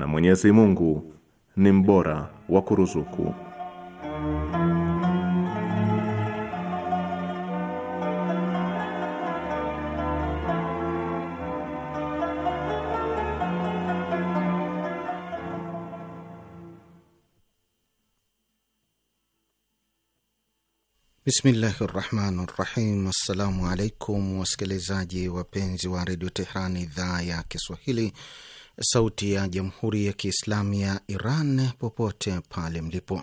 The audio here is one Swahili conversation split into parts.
na Mwenyezi Mungu ni mbora wa kuruzuku. Bismillahi rahmani rahim. Assalamu alaikum wasikilizaji wapenzi wa redio Tehran idhaa ya Kiswahili Sauti ya Jamhuri ya Kiislamu ya Iran popote pale mlipo.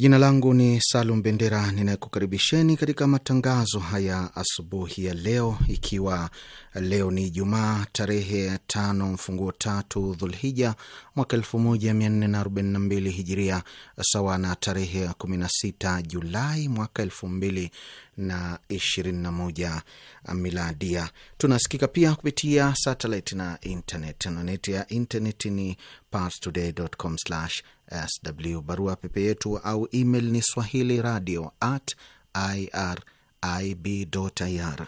Jina langu ni Salum Bendera, ninayekukaribisheni katika matangazo haya asubuhi ya leo, ikiwa leo ni Jumaa tarehe tano mfunguo tatu Dhulhija mwaka mbili Hijiria, sawa na tarehe na sita Julai mwaka moja Miladia. Tunasikika pia kupitia satelit na internet. Anwani ya internet ni parstoday.com sw. Barua pepe yetu au email ni swahili radio at irib.ir.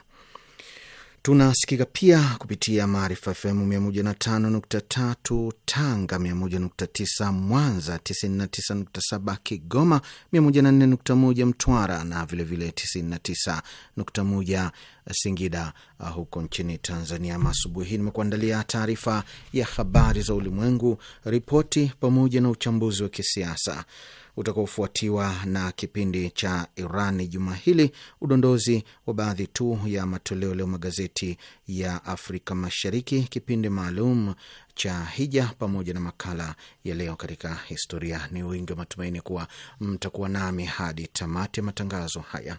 Tunasikika pia kupitia Maarifa FM 105.3 Tanga, 101.9 Mwanza, 99.7 Kigoma, 104.1 Mtwara na vilevile 99.1 Singida uh, huko nchini Tanzania. Masubuhi hii nimekuandalia taarifa ya habari za ulimwengu, ripoti pamoja na uchambuzi wa kisiasa utakaofuatiwa na kipindi cha Iran juma hili, udondozi wa baadhi tu ya matoleo leo magazeti ya Afrika Mashariki, kipindi maalum cha hija, pamoja na makala ya leo katika historia. Ni wingi wa matumaini kuwa mtakuwa nami hadi tamati ya matangazo haya.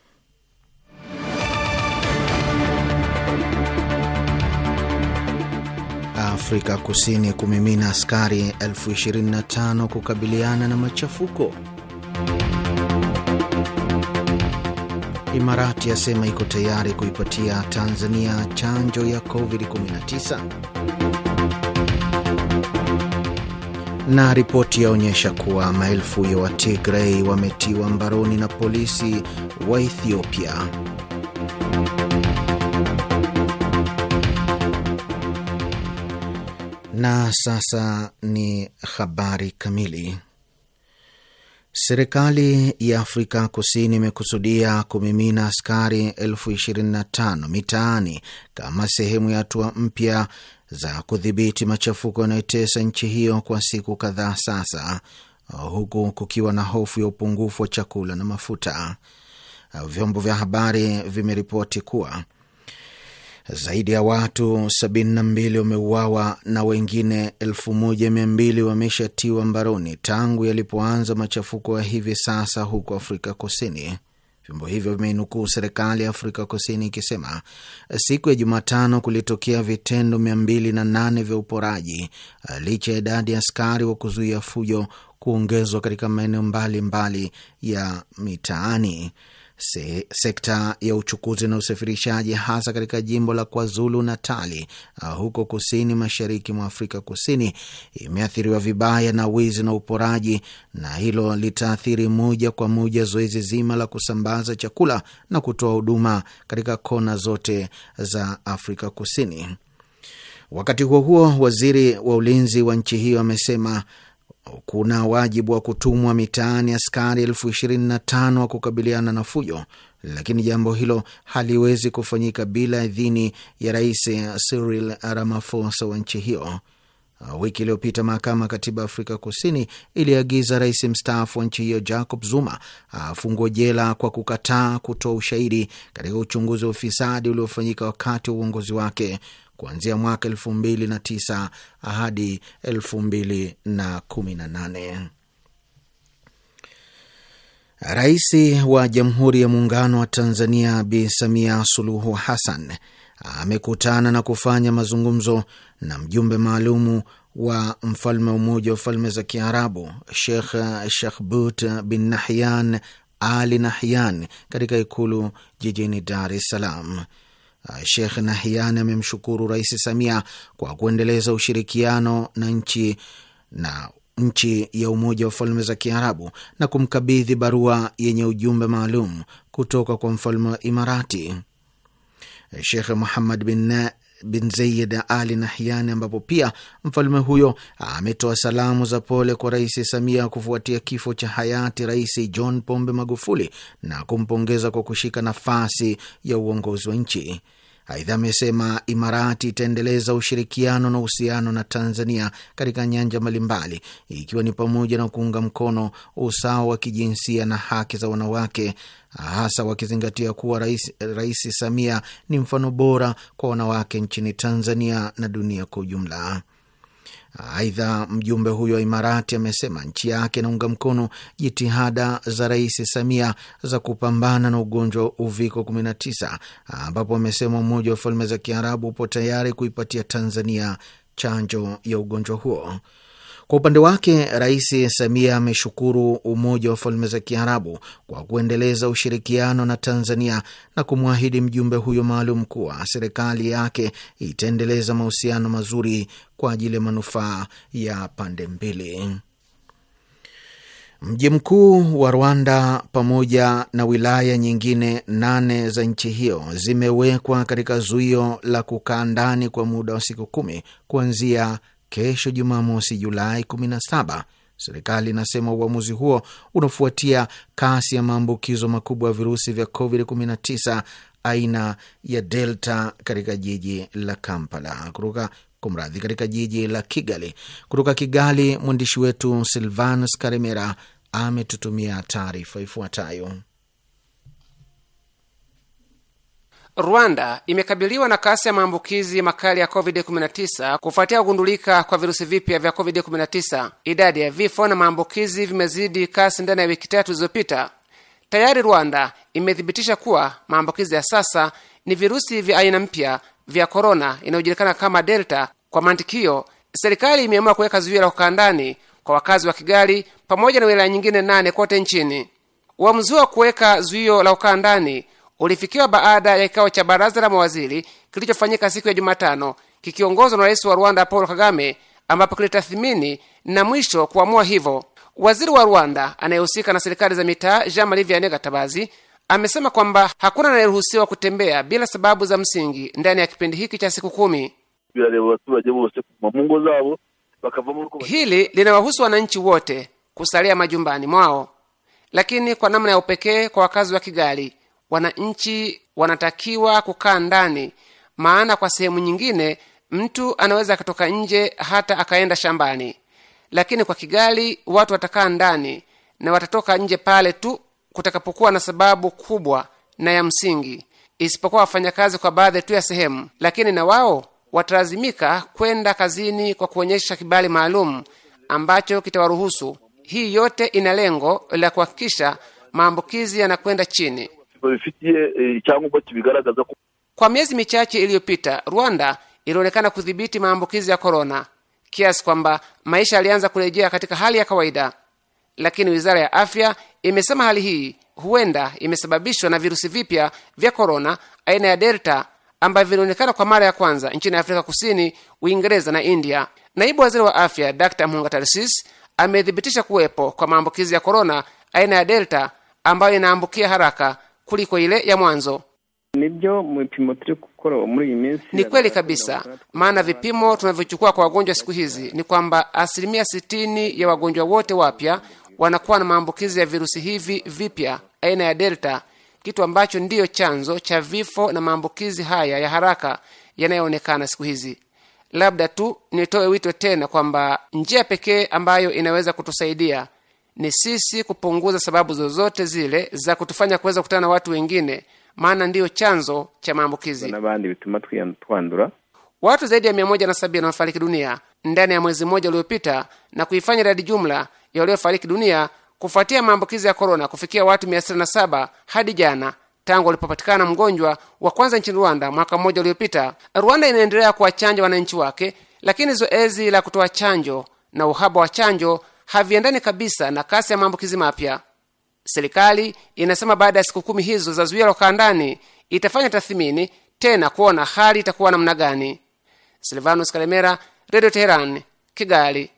Afrika Kusini kumimina askari elfu 25 kukabiliana na machafuko. Imarati yasema iko tayari kuipatia Tanzania chanjo ya COVID-19. Na ripoti yaonyesha kuwa maelfu ya Watigrei wametiwa mbaroni na polisi wa Ethiopia. Na sasa ni habari kamili. Serikali ya Afrika Kusini imekusudia kumimina askari elfu ishirini na tano mitaani kama sehemu ya hatua mpya za kudhibiti machafuko yanayotesa nchi hiyo kwa siku kadhaa sasa, huku kukiwa na hofu ya upungufu wa chakula na mafuta. Vyombo vya habari vimeripoti kuwa zaidi ya watu 72 wameuawa na wengine 1200 wameshatiwa mbaroni tangu yalipoanza machafuko ya hivi sasa huko Afrika Kusini. Vyombo hivyo vimeinukuu serikali ya Afrika Kusini ikisema siku ya Jumatano kulitokea vitendo 208 vya uporaji licha ya idadi ya askari wa kuzuia fujo kuongezwa katika maeneo mbalimbali ya mitaani se, sekta ya uchukuzi na usafirishaji hasa katika jimbo la KwaZulu Natali uh, huko kusini mashariki mwa Afrika Kusini imeathiriwa vibaya na wizi na uporaji, na hilo litaathiri moja kwa moja zoezi zima la kusambaza chakula na kutoa huduma katika kona zote za Afrika Kusini. Wakati huo huo, waziri wa ulinzi wa nchi hiyo amesema kuna wajibu wa kutumwa mitaani askari elfu ishirini na tano wa kukabiliana na fujo, lakini jambo hilo haliwezi kufanyika bila idhini ya Rais Cyril Ramaphosa wa nchi hiyo. Wiki iliyopita mahakama ya katiba Afrika Kusini iliagiza rais mstaafu wa nchi hiyo Jacob Zuma afungwe jela kwa kukataa kutoa ushahidi katika uchunguzi wa ufisadi uliofanyika wakati wa uongozi wake kuanzia mwaka el29 hadi 2018. Rais wa Jamhuri ya Muungano wa Tanzania Bi Samia Suluhu Hassan amekutana na kufanya mazungumzo na mjumbe maalumu wa mfalme wa Umoja wa Falme za Kiarabu Shekh Shakhbut bin Nahyan Ali Nahyan katika ikulu jijini Dar es Salaam. Ah, Sheikh Nahian amemshukuru Rais Samia kwa kuendeleza ushirikiano na nchi na nchi ya Umoja wa Falme za Kiarabu na kumkabidhi barua yenye ujumbe maalum kutoka kwa mfalme wa Imarati. Eh, shekh Muhammad bin bin Zayed Ali Nahyan, ambapo pia mfalme huyo ametoa salamu za pole kwa Rais Samia kufuatia kifo cha hayati Rais John Pombe Magufuli na kumpongeza kwa kushika nafasi ya uongozi wa nchi. Aidha, amesema Imarati itaendeleza ushirikiano na uhusiano na Tanzania katika nyanja mbalimbali, ikiwa ni pamoja na kuunga mkono usawa wa kijinsia na haki za wanawake, hasa wakizingatia kuwa Rais, Rais Samia ni mfano bora kwa wanawake nchini Tanzania na dunia kwa ujumla. Aidha, mjumbe huyo wa Imarati amesema nchi yake inaunga mkono jitihada za Rais Samia za kupambana na ugonjwa wa Uviko 19 ambapo amesema Umoja wa Falme za Kiarabu upo tayari kuipatia Tanzania chanjo ya ugonjwa huo. Kwa upande wake, Rais Samia ameshukuru Umoja wa Falme za Kiarabu kwa kuendeleza ushirikiano na Tanzania na kumwahidi mjumbe huyo maalum kuwa serikali yake itaendeleza mahusiano mazuri kwa ajili ya manufaa ya pande mbili. Mji mkuu wa Rwanda pamoja na wilaya nyingine nane za nchi hiyo zimewekwa katika zuio la kukaa ndani kwa muda wa siku kumi kuanzia kesho Jumamosi Julai 17. Serikali inasema uamuzi huo unafuatia kasi ya maambukizo makubwa ya virusi vya COVID-19 aina ya Delta katika jiji la Kampala kutoka kumradhi, katika jiji la Kigali. Kutoka Kigali, mwandishi wetu Silvanus Karemera ametutumia taarifa ifuatayo. Rwanda imekabiliwa na kasi ya maambukizi makali ya COVID-19 kufuatia kugundulika kwa virusi vipya vya COVID-19. Idadi ya vifo na maambukizi vimezidi kasi ndani ya wiki tatu zilizopita. Tayari Rwanda imethibitisha kuwa maambukizi ya sasa ni virusi vya aina mpya vya korona inayojulikana kama Delta. Kwa mantikio, serikali imeamua kuweka zuio la kukaa ndani kwa wakazi wa Kigali pamoja na wilaya nyingine nane kote nchini. Uamuzi wa kuweka zuio la kukaa ndani ulifikiwa baada ya kikao cha baraza la mawaziri kilichofanyika siku ya Jumatano kikiongozwa na rais wa Rwanda Paul Kagame, ambapo kilitathimini na mwisho kuamua hivyo. Waziri wa Rwanda anayehusika na serikali za mitaa Jean Marie Vianney Gatabazi amesema kwamba hakuna anayeruhusiwa kutembea bila sababu za msingi ndani ya kipindi hiki cha siku kumi. Hili linawahusu wananchi wote kusalia majumbani mwao, lakini kwa namna ya upekee kwa wakazi wa Kigali wananchi wanatakiwa kukaa ndani, maana kwa sehemu nyingine mtu anaweza akatoka nje hata akaenda shambani, lakini kwa Kigali watu watakaa ndani na watatoka nje pale tu kutakapokuwa na sababu kubwa na ya msingi, isipokuwa wafanyakazi kwa baadhi tu ya sehemu, lakini na wao watalazimika kwenda kazini kwa kuonyesha kibali maalum ambacho kitawaruhusu. Hii yote ina lengo la kuhakikisha maambukizi yanakwenda chini babifitiye icyangombwa kibigaragaza ko kwa miezi michache iliyopita Rwanda ilionekana kudhibiti maambukizi ya korona kiasi kwamba maisha yalianza kurejea katika hali ya kawaida, lakini wizara ya afya imesema hali hii huenda imesababishwa na virusi vipya vya korona aina ya delta ambavyo vilionekana kwa mara ya kwanza nchini Afrika Kusini, Uingereza na India. Naibu waziri wa afya Dr Mhunga amethibitisha kuwepo kwa maambukizi ya korona aina ya delta ambayo inaambukia haraka kuliko ile ya mwanzo. Ni kweli kabisa, maana vipimo tunavyochukua kwa wagonjwa siku hizi ni kwamba asilimia sitini ya wagonjwa wote wapya wanakuwa na maambukizi ya virusi hivi vipya aina ya delta, kitu ambacho ndiyo chanzo cha vifo na maambukizi haya ya haraka yanayoonekana siku hizi. Labda tu nitoe wito tena kwamba njia pekee ambayo inaweza kutusaidia ni sisi kupunguza sababu zozote zile za kutufanya kuweza kukutana na watu wengine, maana ndiyo chanzo cha maambukizi. Watu zaidi ya mia moja na sabini wamefariki dunia ndani ya mwezi mmoja uliopita na kuifanya idadi jumla ya waliofariki dunia kufuatia maambukizi ya korona kufikia watu saba hadi jana tangu walipopatikana mgonjwa wa kwanza nchini Rwanda mwaka mmoja uliopita. Rwanda inaendelea kuwachanja wananchi wake, lakini zoezi la kutoa chanjo na uhaba wa chanjo haviendani kabisa na kasi ya maambukizi mapya. Serikali inasema baada ya siku kumi hizo za zuia lokaa ndani itafanya tathmini tena kuona hali itakuwa namna gani. Silvanus Kalemera, Radio Teheran, Kigali.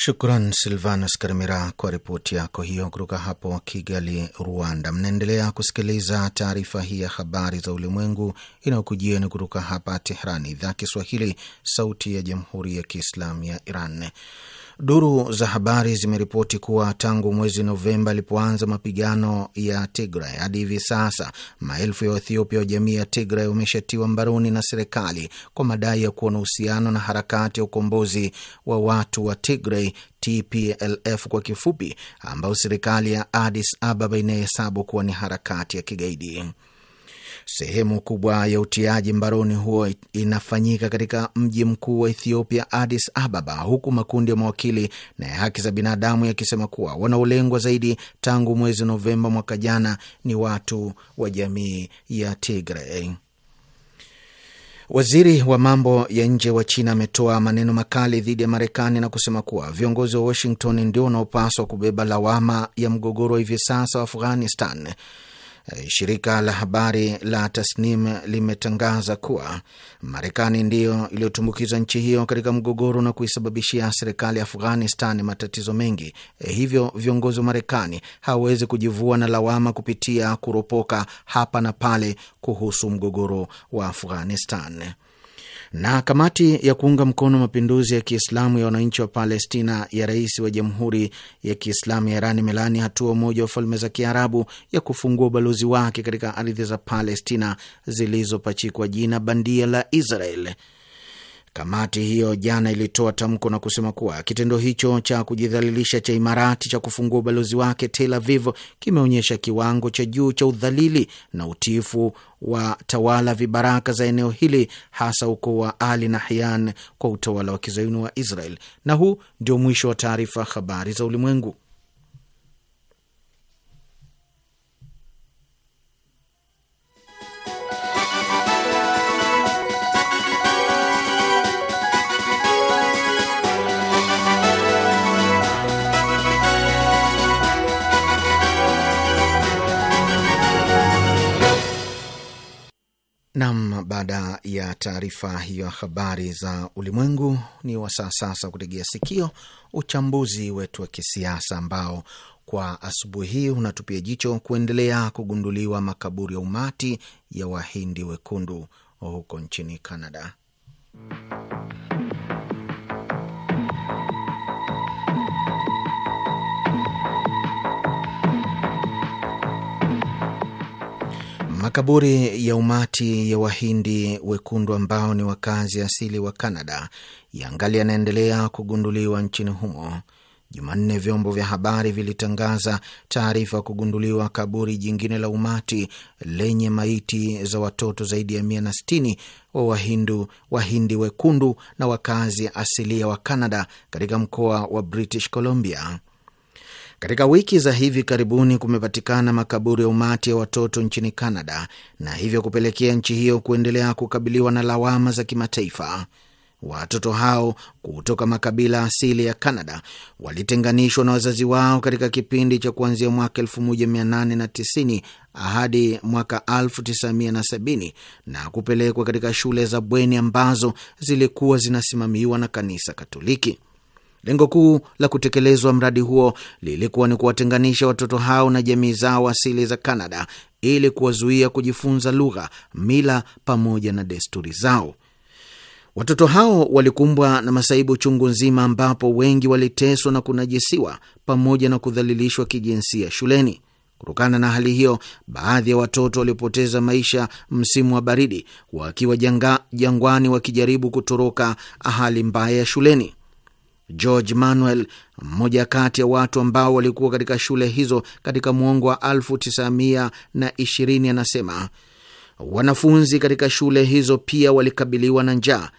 Shukran Silvanus Karimira kwa ripoti yako hiyo kutoka hapo Kigali, Rwanda. Mnaendelea kusikiliza taarifa hii ya habari za ulimwengu inayokujieni kutoka hapa Tehrani, idhaa Kiswahili, sauti ya jamhuri ya kiislamu ya Iran. Duru za habari zimeripoti kuwa tangu mwezi Novemba alipoanza mapigano ya Tigray hadi hivi sasa maelfu ya Ethiopia wa jamii ya Tigray wameshatiwa mbaroni na serikali kwa madai ya kuwa na uhusiano na harakati ya ukombozi wa watu wa Tigray TPLF kwa kifupi, ambayo serikali ya Addis Ababa inayehesabu kuwa ni harakati ya kigaidi. Sehemu kubwa ya utiaji mbaroni huo inafanyika katika mji mkuu wa Ethiopia, Addis Ababa, huku makundi ya mawakili na ya haki za binadamu yakisema kuwa wanaolengwa zaidi tangu mwezi Novemba mwaka jana ni watu wa jamii ya Tigray. Waziri wa mambo ya nje wa China ametoa maneno makali dhidi ya Marekani na kusema kuwa viongozi wa Washington ndio wanaopaswa kubeba lawama ya mgogoro wa hivi sasa wa Afghanistan. Eh, shirika la habari la Tasnim limetangaza kuwa Marekani ndiyo iliyotumbukiza nchi hiyo katika mgogoro na kuisababishia serikali ya Afghanistan matatizo mengi. Eh, hivyo viongozi wa Marekani hawawezi kujivua na lawama kupitia kuropoka hapa na pale kuhusu mgogoro wa Afghanistan. Na kamati ya kuunga mkono mapinduzi ya Kiislamu ya wananchi wa Palestina ya rais wa Jamhuri ya Kiislamu ya Iran imelaani hatua Umoja wa Falme za Kiarabu ya kufungua ubalozi wake katika ardhi za Palestina zilizopachikwa jina bandia la Israel. Kamati hiyo jana ilitoa tamko na kusema kuwa kitendo hicho cha kujidhalilisha cha Imarati cha kufungua ubalozi wake Tel Aviv kimeonyesha kiwango cha juu cha udhalili na utiifu wa tawala vibaraka za eneo hili, hasa ukoo wa Ali Nahyan kwa utawala wa kizayuni wa Israel. Na huu ndio mwisho wa taarifa habari za ulimwengu. Nam, baada ya taarifa hiyo ya habari za ulimwengu, ni wasaa sasa kutegea sikio uchambuzi wetu wa kisiasa ambao kwa asubuhi hii unatupia jicho kuendelea kugunduliwa makaburi ya umati ya wahindi wekundu huko nchini Kanada. Makaburi ya umati ya Wahindi wekundu ambao ni wakazi asili wa canada yangali yanaendelea kugunduliwa nchini humo. Jumanne, vyombo vya habari vilitangaza taarifa ya kugunduliwa kaburi jingine la umati lenye maiti za watoto zaidi ya mia na sitini wa Wahindu, Wahindi wekundu na wakazi asilia wa canada katika mkoa wa British Columbia. Katika wiki za hivi karibuni kumepatikana makaburi ya umati ya watoto nchini canada na hivyo kupelekea nchi hiyo kuendelea kukabiliwa na lawama za kimataifa. Watoto hao kutoka makabila asili ya canada walitenganishwa na wazazi wao katika kipindi cha kuanzia mwaka 1890 hadi mwaka 1970 na kupelekwa katika shule za bweni ambazo zilikuwa zinasimamiwa na kanisa Katoliki. Lengo kuu la kutekelezwa mradi huo lilikuwa ni kuwatenganisha watoto hao na jamii zao asili za Kanada ili kuwazuia kujifunza lugha, mila pamoja na desturi zao. Watoto hao walikumbwa na masaibu chungu nzima, ambapo wengi waliteswa na kunajisiwa pamoja na kudhalilishwa kijinsia shuleni. Kutokana na hali hiyo, baadhi ya watoto walipoteza maisha msimu wa baridi wakiwa jangwani wakijaribu kutoroka hali mbaya ya shuleni. George Manuel, mmoja kati ya watu ambao walikuwa katika shule hizo katika mwongo wa 1920 anasema wanafunzi katika shule hizo pia walikabiliwa na njaa.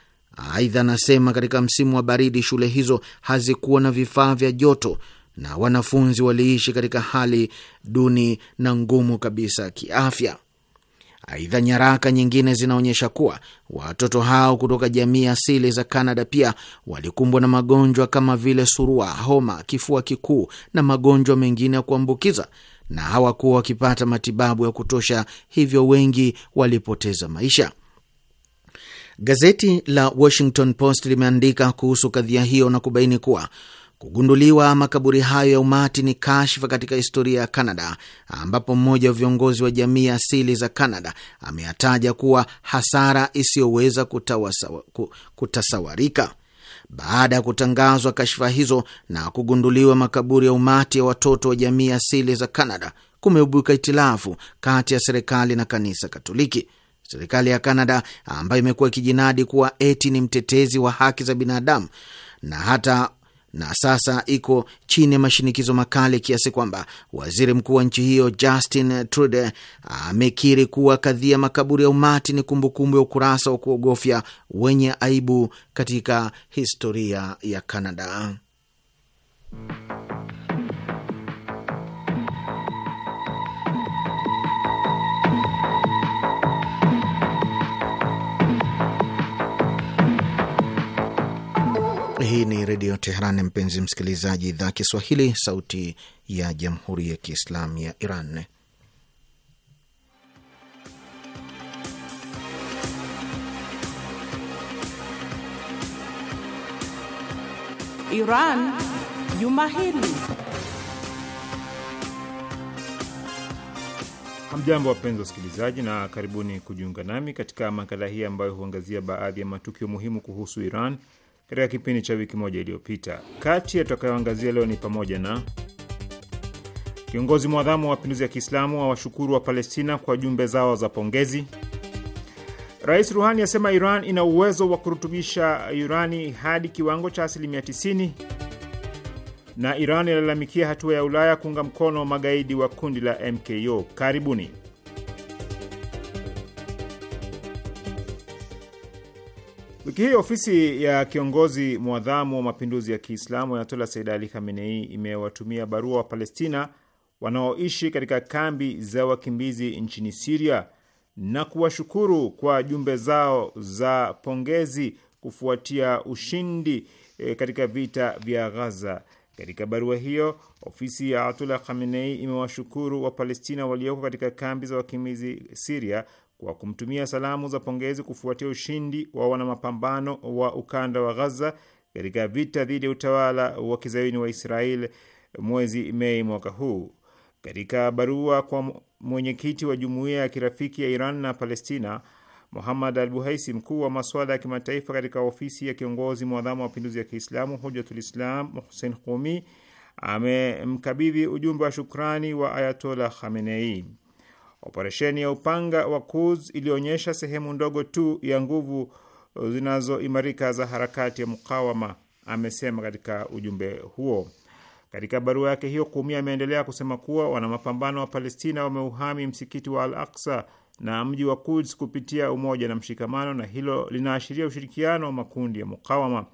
Aidha anasema katika msimu wa baridi shule hizo hazikuwa na vifaa vya joto na wanafunzi waliishi katika hali duni na ngumu kabisa kiafya. Aidha, nyaraka nyingine zinaonyesha kuwa watoto hao kutoka jamii asili za Kanada pia walikumbwa na magonjwa kama vile surua, homa, kifua kikuu na magonjwa mengine ya kuambukiza na hawakuwa wakipata matibabu ya kutosha, hivyo wengi walipoteza maisha. Gazeti la Washington Post limeandika kuhusu kadhia hiyo na kubaini kuwa Kugunduliwa makaburi hayo ya umati ni kashfa katika historia ya Kanada, ambapo mmoja wa viongozi wa jamii asili za Kanada ameyataja kuwa hasara isiyoweza kutasawarika. Baada ya kutangazwa kashfa hizo na kugunduliwa makaburi ya umati ya watoto wa jamii asili za Kanada, kumeibuka itilafu kati ya serikali na kanisa Katoliki. Serikali ya Kanada ambayo imekuwa ikijinadi kuwa eti ni mtetezi wa haki za binadamu na hata na sasa iko chini ya mashinikizo makali kiasi kwamba waziri mkuu wa nchi hiyo Justin Trudeau amekiri kuwa kadhia makaburi ya umati ni kumbukumbu ya ukurasa wa kuogofya wenye aibu katika historia ya Kanada. Hii ni Redio Teheran, mpenzi msikilizaji, idhaa Kiswahili, sauti ya jamhuri ya Kiislamu ya Iran. Iran Juma Hili. Hamjambo, wapenzi wasikilizaji, na karibuni kujiunga nami katika makala hii ambayo huangazia baadhi ya matukio muhimu kuhusu Iran katika kipindi cha wiki moja iliyopita. Kati ya tutakayoangazia leo ni pamoja na kiongozi mwadhamu wa mapinduzi ya Kiislamu awashukuru wa Palestina kwa jumbe zao za pongezi. Rais Ruhani asema Iran ina uwezo wa kurutubisha urani hadi kiwango cha asilimia 90, na Iran ilalamikia hatua ya Ulaya kuunga mkono magaidi wa kundi la MKO. Karibuni. Wiki hii ofisi ya kiongozi mwadhamu wa mapinduzi ya Kiislamu Ayatollah Said Ali Khamenei imewatumia barua wa Palestina wanaoishi katika kambi za wakimbizi nchini Siria na kuwashukuru kwa jumbe zao za pongezi kufuatia ushindi e, katika vita vya Ghaza. Katika barua hiyo, ofisi ya Ayatollah Khamenei imewashukuru Wapalestina walioko katika kambi za wakimbizi Siria kwa kumtumia salamu za pongezi kufuatia ushindi wa wanamapambano wa ukanda wa Ghaza katika vita dhidi ya utawala wa kizayuni wa Israel mwezi Mei mwaka huu. Katika barua kwa mwenyekiti wa jumuiya ya kirafiki ya Iran na Palestina, Muhammad al Buhaisi, mkuu wa masuala ya kimataifa katika ofisi ya kiongozi mwadhamu wa mapinduzi ya Kiislamu Hujatulislam husen Qumi amemkabidhi ujumbe wa shukrani wa Ayatollah Khamenei. Operesheni ya upanga wa Quds ilionyesha sehemu ndogo tu ya nguvu zinazoimarika za harakati ya mukawama, amesema katika ujumbe huo. Katika barua yake hiyo, kumi ameendelea kusema kuwa wana mapambano wa Palestina wameuhami msikiti wa Al Aksa na mji wa Quds kupitia umoja na mshikamano, na hilo linaashiria ushirikiano wa makundi ya mukawama.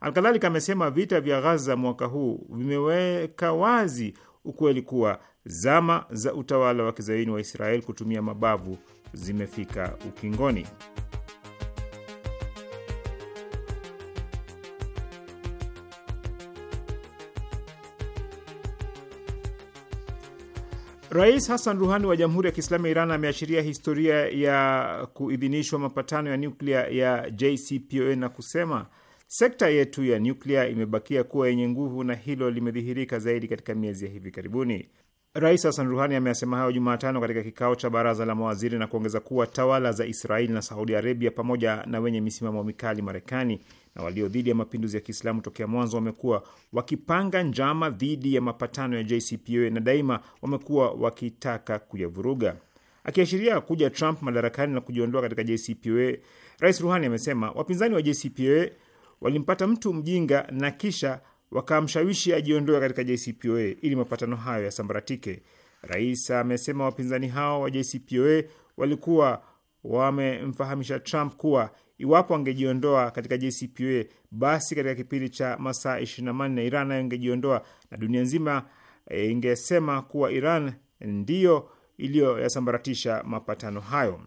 Alkadhalika amesema vita vya Ghaza mwaka huu vimeweka wazi ukweli kuwa zama za utawala wa kizaini wa Israel kutumia mabavu zimefika ukingoni. Rais Hassan Ruhani wa Jamhuri ya Kiislamu ya Iran ameashiria historia ya kuidhinishwa mapatano ya nyuklia ya JCPOA na kusema sekta yetu ya nyuklia imebakia kuwa yenye nguvu, na hilo limedhihirika zaidi katika miezi ya hivi karibuni. Rais Hasan Ruhani ameyasema hayo Jumatano katika kikao cha baraza la mawaziri na kuongeza kuwa tawala za Israeli na Saudi Arabia pamoja na wenye misimamo mikali Marekani na walio dhidi ya mapinduzi ya Kiislamu tokea mwanzo wamekuwa wakipanga njama dhidi ya mapatano ya JCPOA na daima wamekuwa wakitaka kuyavuruga. Akiashiria kuja Trump madarakani na kujiondoa katika JCPOA, Rais Ruhani amesema wapinzani wa JCPOA walimpata mtu mjinga na kisha wakamshawishi ajiondoe katika JCPOA ili mapatano hayo yasambaratike. Rais amesema wapinzani hao wa JCPOA walikuwa wamemfahamisha Trump kuwa iwapo angejiondoa katika JCPOA basi katika kipindi cha masaa na manne Iran nayo ingejiondoa na dunia nzima e, ingesema kuwa Iran ndiyo iliyoyasambaratisha mapatano hayo.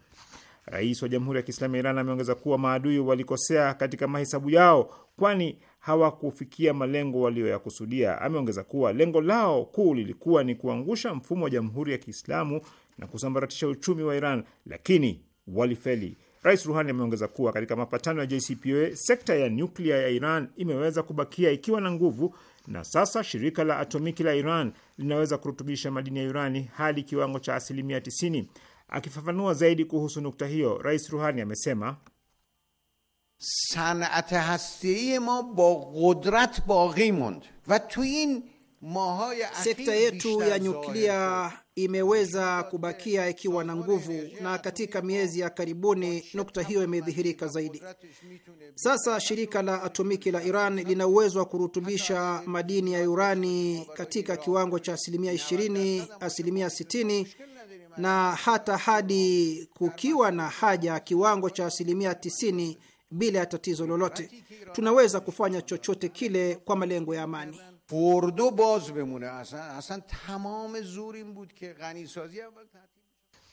Rais wa Jamhuri ya Kiislamu ya Iran ameongeza kuwa maadui walikosea katika mahesabu yao, kwani hawakufikia malengo walioyakusudia. Ameongeza kuwa lengo lao kuu lilikuwa ni kuangusha mfumo wa Jamhuri ya Kiislamu na kusambaratisha uchumi wa Iran, lakini walifeli. Rais Ruhani ameongeza kuwa katika mapatano ya JCPOA sekta ya nyuklia ya Iran imeweza kubakia ikiwa na nguvu, na sasa shirika la atomiki la Iran linaweza kurutubisha madini ya urani hadi kiwango cha asilimia 90. Akifafanua zaidi kuhusu nukta hiyo, Rais Ruhani amesema صنعت هستی ما با قدرت باقی موند و تو این sekta yetu ya nyuklia imeweza kubakia ikiwa na nguvu, na katika miezi ya karibuni nukta hiyo imedhihirika zaidi. Sasa shirika la atomiki la Iran lina uwezo wa kurutubisha madini ya urani katika kiwango cha asilimia 20, asilimia 60 na hata hadi kukiwa na haja kiwango cha asilimia 90 bila ya tatizo lolote. Tunaweza kufanya chochote kile kwa malengo ya amani.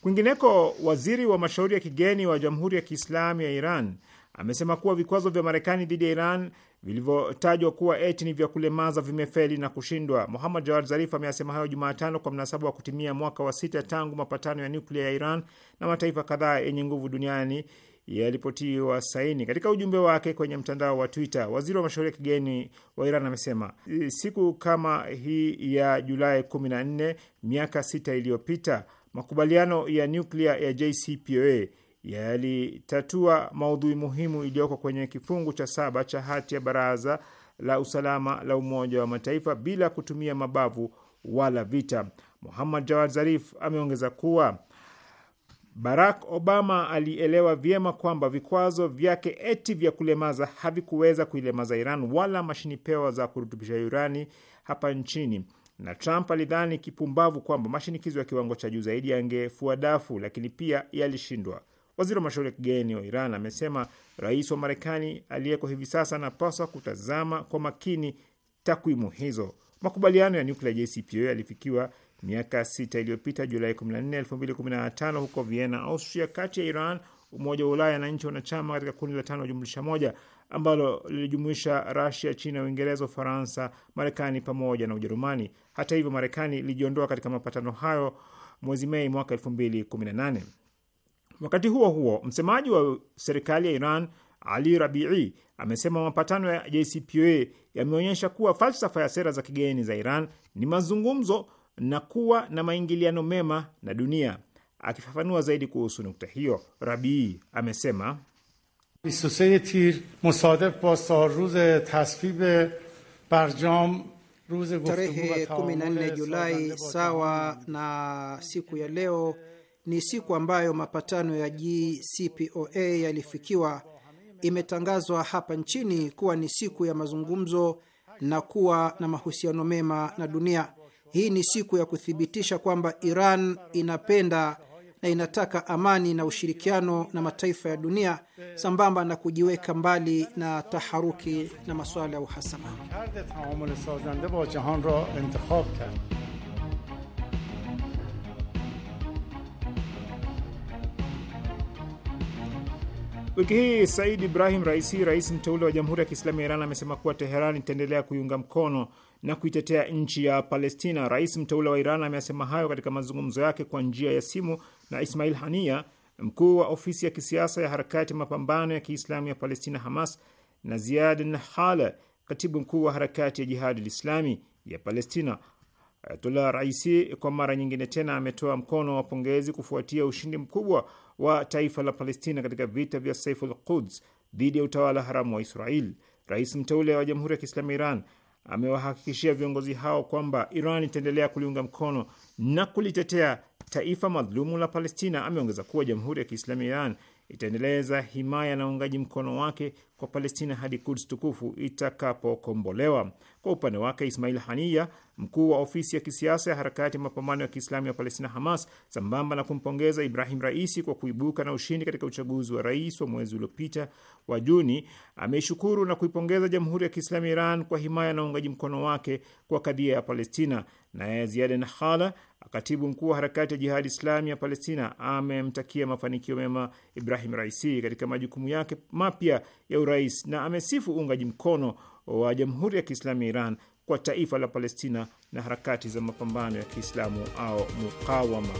Kwingineko, waziri wa mashauri ya kigeni wa Jamhuri ya Kiislamu ya Iran amesema kuwa vikwazo vya Marekani dhidi ya Iran vilivyotajwa kuwa eti ni vya kulemaza vimefeli na kushindwa. Muhammad Jawad Zarif ameyasema hayo Jumatano kwa mnasaba wa kutimia mwaka wa sita tangu mapatano ya nyuklia ya Iran na mataifa kadhaa yenye nguvu duniani yalipotiwa saini. Katika ujumbe wake kwenye mtandao wa Twitter, waziri wa mashauri ya kigeni wa Iran amesema e, siku kama hii ya Julai 14 miaka sita iliyopita makubaliano ya nyuklia ya JCPOA yalitatua maudhui muhimu iliyoko kwenye kifungu cha saba cha hati ya Baraza la Usalama la Umoja wa Mataifa bila kutumia mabavu wala vita. Muhammad Jawad Zarif ameongeza kuwa Barack Obama alielewa vyema kwamba vikwazo vyake eti vya kulemaza havikuweza kuilemaza Iran wala mashini pewa za kurutubisha urani hapa nchini, na Trump alidhani kipumbavu kwamba mashinikizo ya kiwango cha juu zaidi yangefua dafu, lakini pia yalishindwa. Waziri wa mashauri ya kigeni wa Iran amesema rais wa Marekani aliyeko hivi sasa anapaswa kutazama kwa makini takwimu hizo. Makubaliano ya nuklia JCPOA yalifikiwa miaka sita iliyopita, Julai 14, 2015 huko Vienna, Austria, kati ya Iran, Umoja wa Ulaya na nchi wanachama katika kundi la tano jumlisha moja ambalo lilijumuisha Rasia, China, Uingereza, Ufaransa, Marekani pamoja na Ujerumani. Hata hivyo, Marekani ilijiondoa katika mapatano hayo mwezi Mei mwaka 2018. Wakati huo huo, msemaji wa serikali ya Iran Ali Rabii amesema mapatano ya JCPOA yameonyesha kuwa falsafa ya sera za kigeni za Iran ni mazungumzo na kuwa na maingiliano mema na dunia. Akifafanua zaidi kuhusu nukta hiyo, Rabii amesema tarehe 14 Julai sawa na siku ya leo ni siku ambayo mapatano ya JCPOA yalifikiwa. Imetangazwa hapa nchini kuwa ni siku ya mazungumzo na kuwa na mahusiano mema na dunia. Hii ni siku ya kuthibitisha kwamba Iran inapenda na inataka amani na ushirikiano na mataifa ya dunia sambamba na kujiweka mbali na taharuki na masuala ya uhasama. Wiki hii Said Ibrahim Raisi, rais mteule wa Jamhuri ya Kiislamu ya Iran, amesema kuwa Teheran itaendelea kuiunga mkono na kuitetea nchi ya Palestina. Rais mteule wa Iran amesema hayo katika mazungumzo yake kwa njia ya simu na Ismail Hania, mkuu wa ofisi ya kisiasa ya harakati mapambano ya Kiislamu ya Palestina, Hamas, na Ziad Nahala, katibu mkuu wa harakati ya Jihadi Islami ya Palestina. Ayatullah Raisi kwa mara nyingine tena ametoa mkono wa pongezi kufuatia ushindi mkubwa wa taifa la Palestina katika vita vya Saiful Quds dhidi ya utawala haramu wa Israel. Rais mteule wa Jamhuri ya Kiislamu Iran amewahakikishia viongozi hao kwamba Iran itaendelea kuliunga mkono na kulitetea taifa madhulumu la Palestina. Ameongeza kuwa Jamhuri ya Kiislamu ya Iran itaendeleza himaya na uungaji mkono wake kwa Palestina hadi Kuds tukufu itakapokombolewa. Kwa upande wake, Ismail Haniya, mkuu wa ofisi ya kisiasa ya harakati ya mapambano ya Kiislamu ya Palestina, Hamas, sambamba na kumpongeza Ibrahim Raisi kwa kuibuka na ushindi katika uchaguzi wa rais wa mwezi uliopita wa Juni, ameishukuru na kuipongeza Jamhuri ya Kiislamu ya Iran kwa himaya na uungaji mkono wake kwa kadhia ya Palestina. Naye ziada nahala Katibu mkuu wa harakati ya Jihadi Islami ya Palestina amemtakia mafanikio mema Ibrahim Raisi katika majukumu yake mapya ya urais na amesifu uungaji mkono wa Jamhuri ya Kiislamu ya Iran kwa taifa la Palestina na harakati za mapambano ya Kiislamu au mukawama.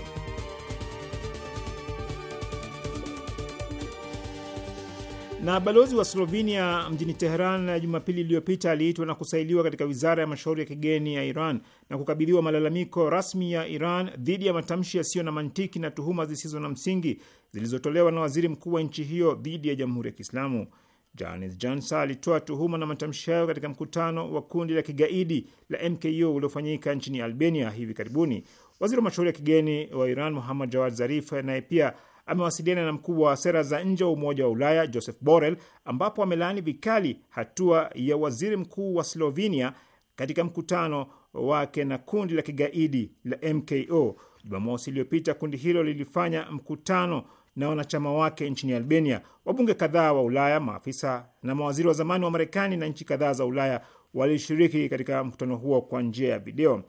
Na balozi wa Slovenia mjini Teheran eh, Jumapili iliyopita aliitwa na kusailiwa katika wizara ya mashauri ya kigeni ya Iran na kukabidhiwa malalamiko rasmi ya Iran dhidi ya matamshi yasiyo na mantiki na tuhuma zisizo na msingi zilizotolewa na waziri mkuu wa nchi hiyo dhidi ya Jamhuri ya Kiislamu. Janis Jansa alitoa tuhuma na matamshi hayo katika mkutano wa kundi la kigaidi la MKO uliofanyika nchini Albania hivi karibuni. Waziri wa mashauri ya kigeni wa Iran Muhammad Jawad Zarif naye pia amewasiliana na mkubwa wa sera za nje wa Umoja wa Ulaya Joseph Borrell, ambapo amelaani vikali hatua ya waziri mkuu wa Slovenia katika mkutano wake na kundi la kigaidi la MKO. Jumamosi iliyopita kundi hilo lilifanya mkutano na wanachama wake nchini Albania. Wabunge kadhaa wa Ulaya, maafisa na mawaziri wa zamani wa Marekani na nchi kadhaa za Ulaya walishiriki katika mkutano huo kwa njia ya video.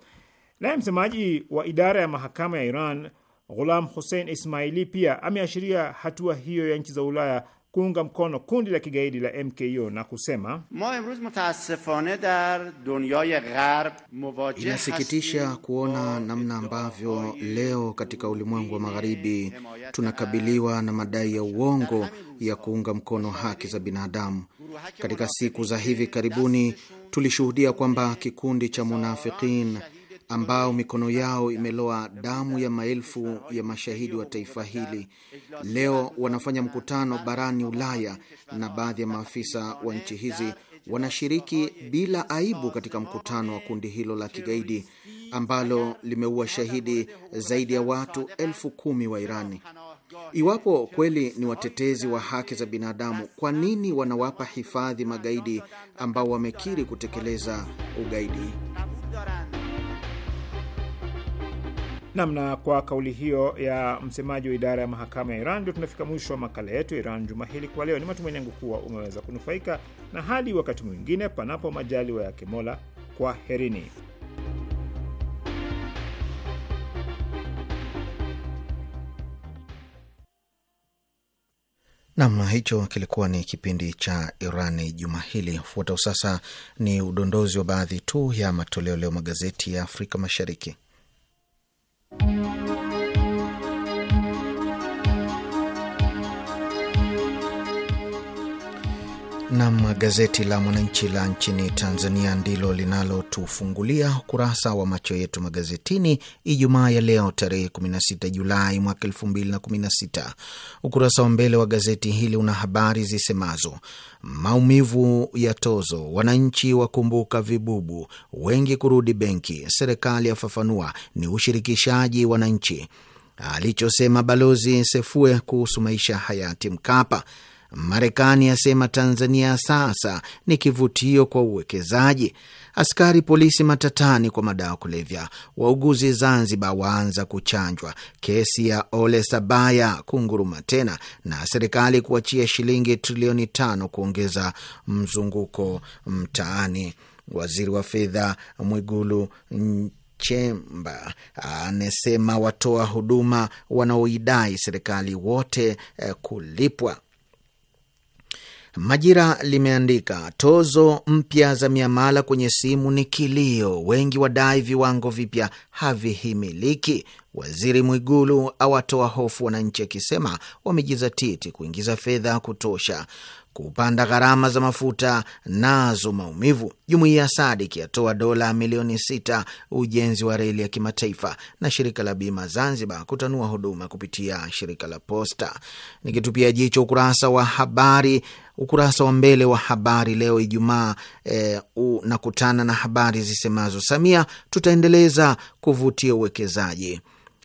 Naye msemaji wa idara ya mahakama ya Iran Ghulam Hussein Ismaili pia ameashiria hatua hiyo ya nchi za Ulaya kuunga mkono kundi la kigaidi la MKO na kusema e inasikitisha kuona namna ambavyo leo katika ulimwengu wa Magharibi tunakabiliwa na madai ya uongo ya kuunga mkono haki za binadamu. Katika siku za hivi karibuni tulishuhudia kwamba kikundi cha munafikin ambao mikono yao imeloa damu ya maelfu ya mashahidi wa taifa hili, leo wanafanya mkutano barani Ulaya na baadhi ya maafisa wa nchi hizi wanashiriki bila aibu katika mkutano wa kundi hilo la kigaidi ambalo limeua shahidi zaidi ya watu elfu kumi wa Irani. Iwapo kweli ni watetezi wa haki za binadamu, kwa nini wanawapa hifadhi magaidi ambao wamekiri kutekeleza ugaidi? Namna kwa kauli hiyo ya msemaji wa idara ya mahakama ya Iran, ndio tunafika mwisho wa makala yetu Iran juma hili kwa leo. Ni matumaini yangu kuwa umeweza kunufaika, na hadi wakati mwingine, panapo majaliwa yake Mola, kwa herini. Nam, hicho kilikuwa ni kipindi cha Iran juma hili. Ufuatao sasa ni udondozi wa baadhi tu ya matoleo leo magazeti ya Afrika Mashariki. Nam, gazeti la Mwananchi la nchini Tanzania ndilo linalotufungulia ukurasa wa macho yetu magazetini Ijumaa ya leo tarehe 16 Julai mwaka 2016. Ukurasa wa mbele wa gazeti hili una habari zisemazo: maumivu ya tozo, wananchi wakumbuka vibubu, wengi kurudi benki, serikali yafafanua ni ushirikishaji wananchi, alichosema Balozi Sefue kuhusu maisha hayati Mkapa Marekani asema Tanzania sasa ni kivutio kwa uwekezaji. Askari polisi matatani kwa madawa kulevya. Wauguzi Zanzibar waanza kuchanjwa. Kesi ya Ole Sabaya kunguruma tena, na serikali kuachia shilingi trilioni tano kuongeza mzunguko mtaani. Waziri wa fedha Mwigulu Chemba anasema watoa huduma wanaoidai serikali wote eh, kulipwa. Majira limeandika tozo mpya za miamala kwenye simu ni kilio, wengi wadai viwango vipya havihimiliki. Waziri Mwigulu awatoa hofu wananchi akisema wamejizatiti kuingiza fedha ya kutosha kupanda gharama za mafuta nazo maumivu. Jumuiya ya SADIK yatoa dola milioni sita ujenzi wa reli ya kimataifa, na shirika la bima Zanzibar kutanua huduma kupitia shirika la posta. Nikitupia jicho ukurasa wa habari ukurasa wa mbele wa habari leo Ijumaa eh, unakutana na habari zisemazo Samia, tutaendeleza kuvutia uwekezaji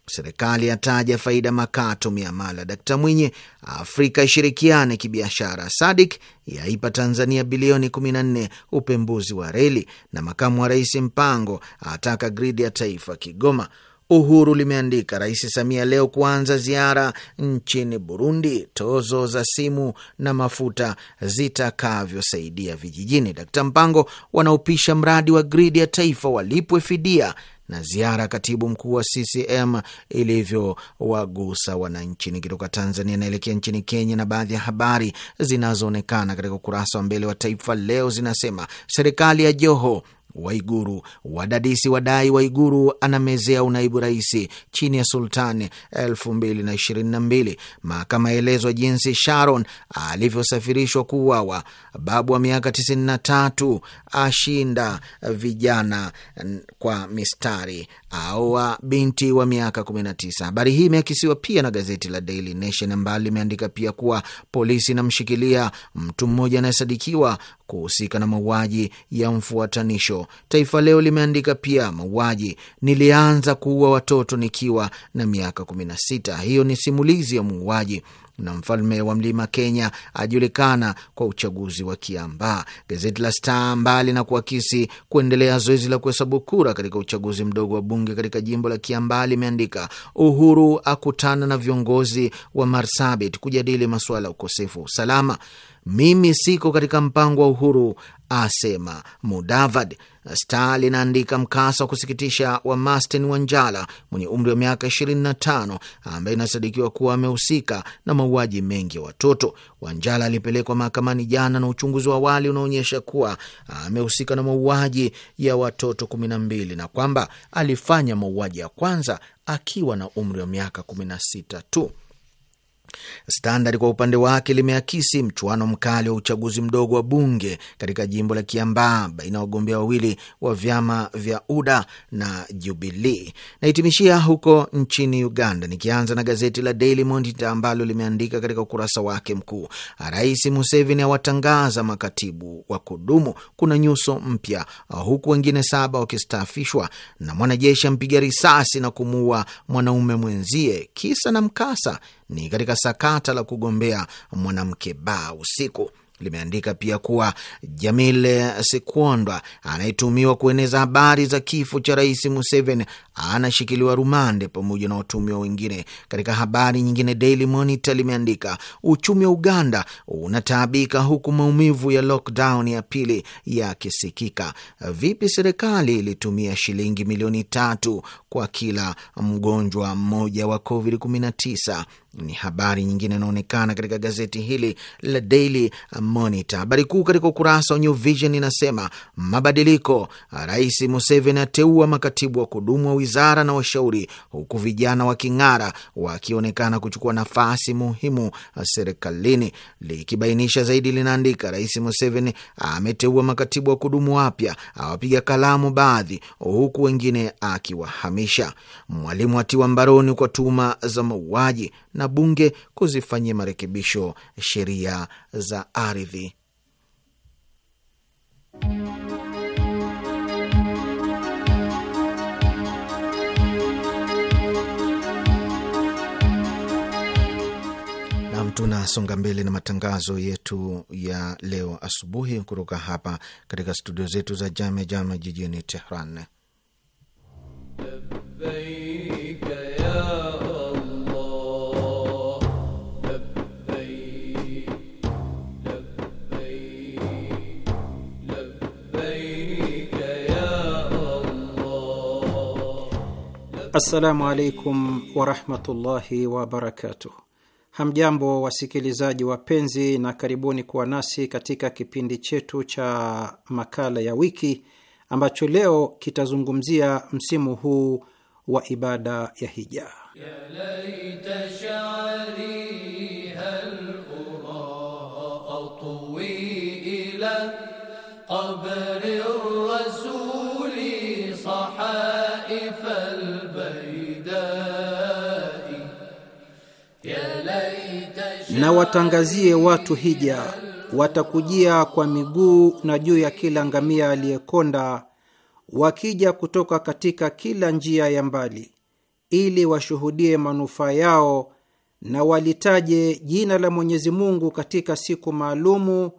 Serikali yataja faida makato miamala. Dkt Mwinyi, Afrika ishirikiane kibiashara. Sadik yaipa Tanzania bilioni 14 upembuzi wa reli, na makamu wa rais Mpango ataka gridi ya taifa Kigoma. Uhuru limeandika Rais Samia leo kuanza ziara nchini Burundi, tozo za simu na mafuta zitakavyosaidia vijijini. Dkt Mpango wanaopisha mradi wa gridi ya taifa walipwe fidia na ziara ya katibu mkuu wa CCM ilivyowagusa wananchi. Nikitoka Tanzania naelekea nchini Kenya, na baadhi ya habari zinazoonekana katika ukurasa wa mbele wa Taifa Leo zinasema serikali ya Joho Waiguru wadadisi wadai Waiguru anamezea unaibu rais chini ya Sultani mbili Mahakama yaelezwa jinsi Sharon alivyosafirishwa kuuawa. Babu wa miaka 93 ashinda vijana kwa mistari aua binti wa miaka 19. Habari hii imeakisiwa pia na gazeti la Daily Nation ambalo limeandika pia kuwa polisi inamshikilia mtu mmoja anayesadikiwa kuhusika na mauaji ya mfuatanisho. Taifa Leo limeandika pia mauaji, nilianza kuua watoto nikiwa na miaka 16. Hiyo ni simulizi ya muuaji na mfalme wa mlima Kenya ajulikana kwa uchaguzi wa Kiambaa. Gazeti la Star, mbali na kuakisi kuendelea zoezi la kuhesabu kura katika uchaguzi mdogo wa bunge katika jimbo la Kiambaa, limeandika Uhuru akutana na viongozi wa Marsabit kujadili masuala ya ukosefu wa usalama mimi siko katika mpango wa uhuru, asema Mudavad. Stalin anaandika mkasa wa kusikitisha wa Mastin Wanjala mwenye umri wa miaka 25 ambaye inasadikiwa kuwa amehusika na mauaji mengi ya watoto. Wanjala alipelekwa mahakamani jana na uchunguzi wa awali unaonyesha kuwa amehusika na mauaji ya watoto 12 na kwamba alifanya mauaji ya kwanza akiwa na umri wa miaka 16 tu. Standard kwa upande wake limeakisi mchuano mkali wa uchaguzi mdogo wa bunge katika jimbo la Kiambaa baina ya wagombea wawili wa vyama vya UDA na Jubilii. Nahitimishia huko nchini Uganda, nikianza na gazeti la Daily Monitor ambalo limeandika katika ukurasa wake mkuu, Rais Museveni awatangaza makatibu wa kudumu, kuna nyuso mpya, huku wengine saba wakistaafishwa, na mwanajeshi ampiga risasi na kumuua mwanaume mwenzie, kisa na mkasa ni katika sakata la kugombea mwanamke baa usiku limeandika pia kuwa Jamil Sikwondwa anayetumiwa kueneza habari za kifo cha rais Museveni anashikiliwa rumande pamoja na watumiwa wengine. Katika habari nyingine, Daily Monitor limeandika uchumi wa Uganda unataabika huku maumivu ya lockdown ya pili yakisikika. Vipi serikali ilitumia shilingi milioni tatu kwa kila mgonjwa mmoja wa COVID-19? Ni habari nyingine inaonekana katika gazeti hili la Daily Monitor. Habari kuu katika ukurasa wa New Vision inasema mabadiliko, Rais Museveni ateua makatibu wa kudumu wa wizara na washauri, huku vijana wa king'ara wakionekana kuchukua nafasi muhimu serikalini. Likibainisha zaidi, linaandika Rais Museveni ameteua makatibu wa kudumu wapya, awapiga kalamu baadhi, huku wengine akiwahamisha. Mwalimu atiwa mbaroni kwa tuhuma za mauaji na bunge kuzifanyia marekebisho sheria za ardhi. Tunasonga mbele na matangazo yetu ya leo asubuhi kutoka hapa katika studio zetu za Jame Jame jijini Tehran. Assalamu alaikum warahmatullahi wabarakatuh. Hamjambo wasikilizaji wapenzi, na karibuni kuwa nasi katika kipindi chetu cha makala ya wiki ambacho leo kitazungumzia msimu huu wa ibada ya hija. Ya na watangazie watu hija, watakujia kwa miguu na juu ya kila ngamia aliyekonda, wakija kutoka katika kila njia ya mbali, ili washuhudie manufaa yao na walitaje jina la Mwenyezi Mungu katika siku maalumu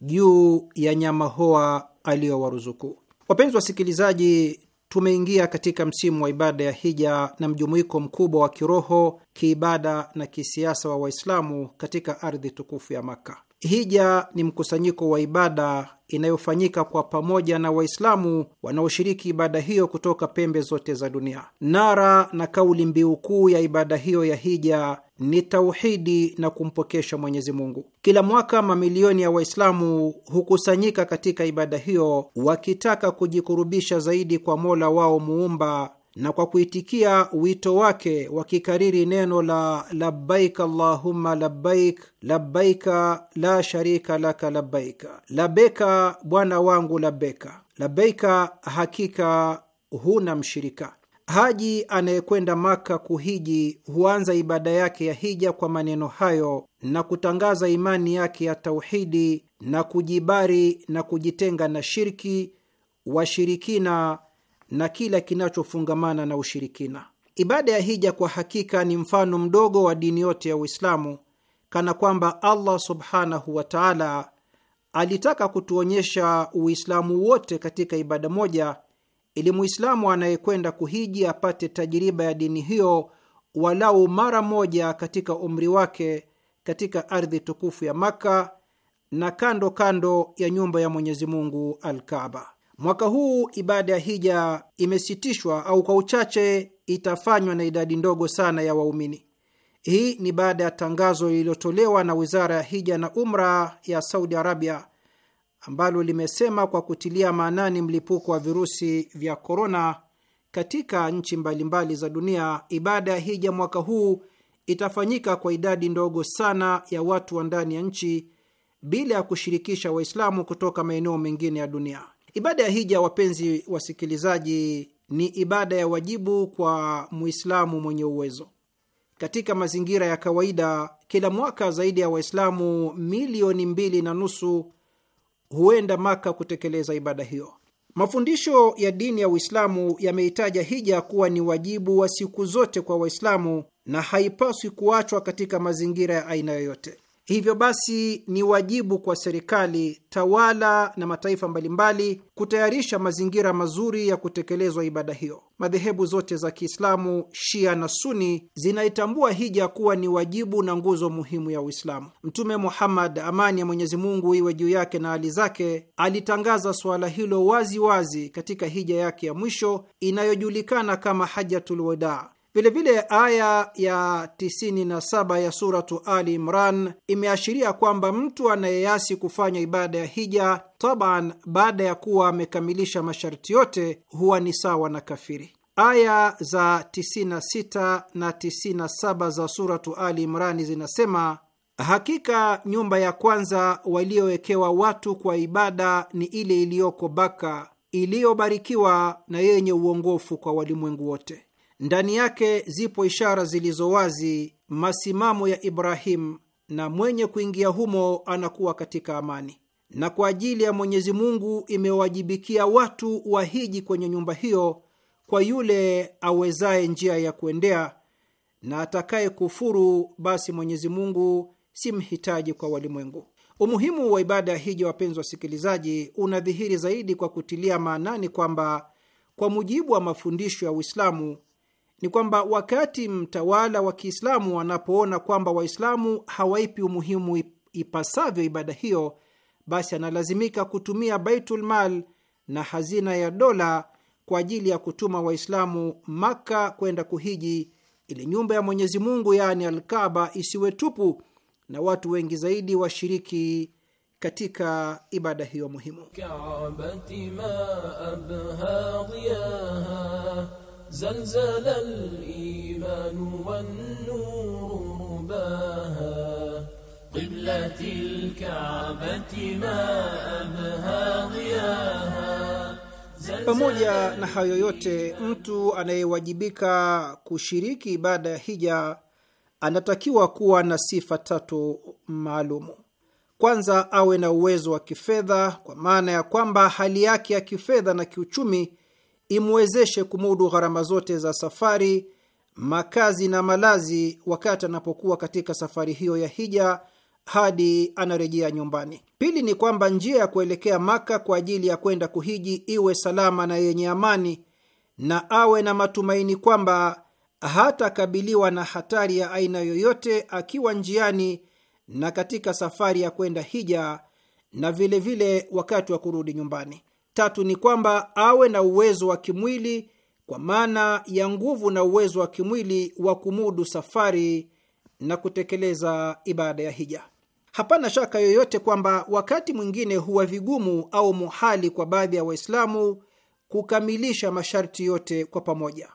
juu ya nyama hoa aliyowaruzuku. Wapenzi wasikilizaji, tumeingia katika msimu wa ibada ya hija na mjumuiko mkubwa wa kiroho, kiibada na kisiasa wa Waislamu katika ardhi tukufu ya Makka. Hija ni mkusanyiko wa ibada inayofanyika kwa pamoja na Waislamu wanaoshiriki ibada hiyo kutoka pembe zote za dunia. Nara na kauli mbiu kuu ya ibada hiyo ya hija ni tauhidi na kumpokesha Mwenyezi Mungu. Kila mwaka mamilioni ya Waislamu hukusanyika katika ibada hiyo wakitaka kujikurubisha zaidi kwa Mola wao muumba na kwa kuitikia wito wake wakikariri neno la labbaik allahumma labbaik labbaika la sharika laka labbaika labeka bwana wangu labeka labeika hakika huna mshirika. Haji anayekwenda Maka kuhiji huanza ibada yake ya hija kwa maneno hayo na kutangaza imani yake ya tauhidi na kujibari na kujitenga na shirki, washirikina na kila kinachofungamana na ushirikina. Ibada ya hija kwa hakika ni mfano mdogo wa dini yote ya Uislamu, kana kwamba Allah subhanahu wa taala alitaka kutuonyesha Uislamu wote katika ibada moja, ili Muislamu anayekwenda kuhiji apate tajiriba ya dini hiyo walau mara moja katika umri wake katika ardhi tukufu ya Makka na kando kando ya nyumba ya Mwenyezi Mungu Mwaka huu ibada ya hija imesitishwa au kwa uchache itafanywa na idadi ndogo sana ya waumini. Hii ni baada ya tangazo lililotolewa na wizara ya hija na umra ya Saudi Arabia ambalo limesema kwa kutilia maanani mlipuko wa virusi vya korona katika nchi mbalimbali za dunia, ibada ya hija mwaka huu itafanyika kwa idadi ndogo sana ya watu wa ndani ya nchi bila ya kushirikisha Waislamu kutoka maeneo mengine ya dunia. Ibada ya hija, wapenzi wasikilizaji, ni ibada ya wajibu kwa Muislamu mwenye uwezo. Katika mazingira ya kawaida, kila mwaka zaidi ya Waislamu milioni mbili na nusu huenda Maka kutekeleza ibada hiyo. Mafundisho ya dini ya Uislamu yameitaja hija kuwa ni wajibu wa siku zote kwa Waislamu na haipaswi kuachwa katika mazingira ya aina yoyote. Hivyo basi ni wajibu kwa serikali, tawala na mataifa mbalimbali kutayarisha mazingira mazuri ya kutekelezwa ibada hiyo. Madhehebu zote za Kiislamu, Shia na Suni, zinaitambua hija kuwa ni wajibu na nguzo muhimu ya Uislamu. Mtume Muhammad, amani ya Mwenyezi Mungu iwe juu yake na hali zake, alitangaza suala hilo wazi wazi katika hija yake ya mwisho inayojulikana kama Hajatul Wadaa Vilevile aya ya 97 ya suratu Ali Imran imeashiria kwamba mtu anayeasi kufanya ibada ya hija, taban, baada ya kuwa amekamilisha masharti yote, huwa ni sawa na kafiri. Aya za 96 na 97 za suratu Ali Imrani zinasema Hakika nyumba ya kwanza waliowekewa watu kwa ibada ni ile iliyoko Baka, iliyobarikiwa na yenye uongofu kwa walimwengu wote. Ndani yake zipo ishara zilizo wazi, masimamo ya Ibrahimu, na mwenye kuingia humo anakuwa katika amani. Na kwa ajili ya Mwenyezi Mungu imewajibikia watu wahiji kwenye nyumba hiyo kwa yule awezaye njia ya kuendea, na atakaye kufuru basi Mwenyezi Mungu si mhitaji kwa walimwengu. Umuhimu wa ibada ya hija, wapenzi wasikilizaji, unadhihiri zaidi kwa kutilia maanani kwamba kwa mujibu wa mafundisho ya Uislamu ni kwamba wakati mtawala wa Kiislamu anapoona kwamba Waislamu hawaipi umuhimu ipasavyo ibada hiyo, basi analazimika kutumia Baitul Mal na hazina ya dola kwa ajili ya kutuma Waislamu Maka kwenda kuhiji ili nyumba ya Mwenyezi Mungu yaani Alkaba isiwe tupu na watu wengi zaidi washiriki katika ibada hiyo muhimu. زلزل الإيمان والنور رباها قبلة الكعبة ما أبهى ضياها pamoja na hayo yote, mtu anayewajibika kushiriki ibada ya hija anatakiwa kuwa na sifa tatu maalumu. Kwanza, awe na uwezo wa kifedha, kwa maana ya kwamba hali yake ya kifedha na kiuchumi imwezeshe kumudu gharama zote za safari, makazi na malazi wakati anapokuwa katika safari hiyo ya hija hadi anarejea nyumbani. Pili ni kwamba njia ya kuelekea Maka kwa ajili ya kwenda kuhiji iwe salama na yenye amani, na awe na matumaini kwamba hatakabiliwa na hatari ya aina yoyote akiwa njiani na katika safari ya kwenda hija, na vilevile vile wakati wa kurudi nyumbani. Tatu ni kwamba awe na uwezo wa kimwili kwa maana ya nguvu na uwezo wa kimwili wa kumudu safari na kutekeleza ibada ya hija. Hapana shaka yoyote kwamba wakati mwingine huwa vigumu au muhali kwa baadhi ya Waislamu kukamilisha masharti yote kwa pamoja.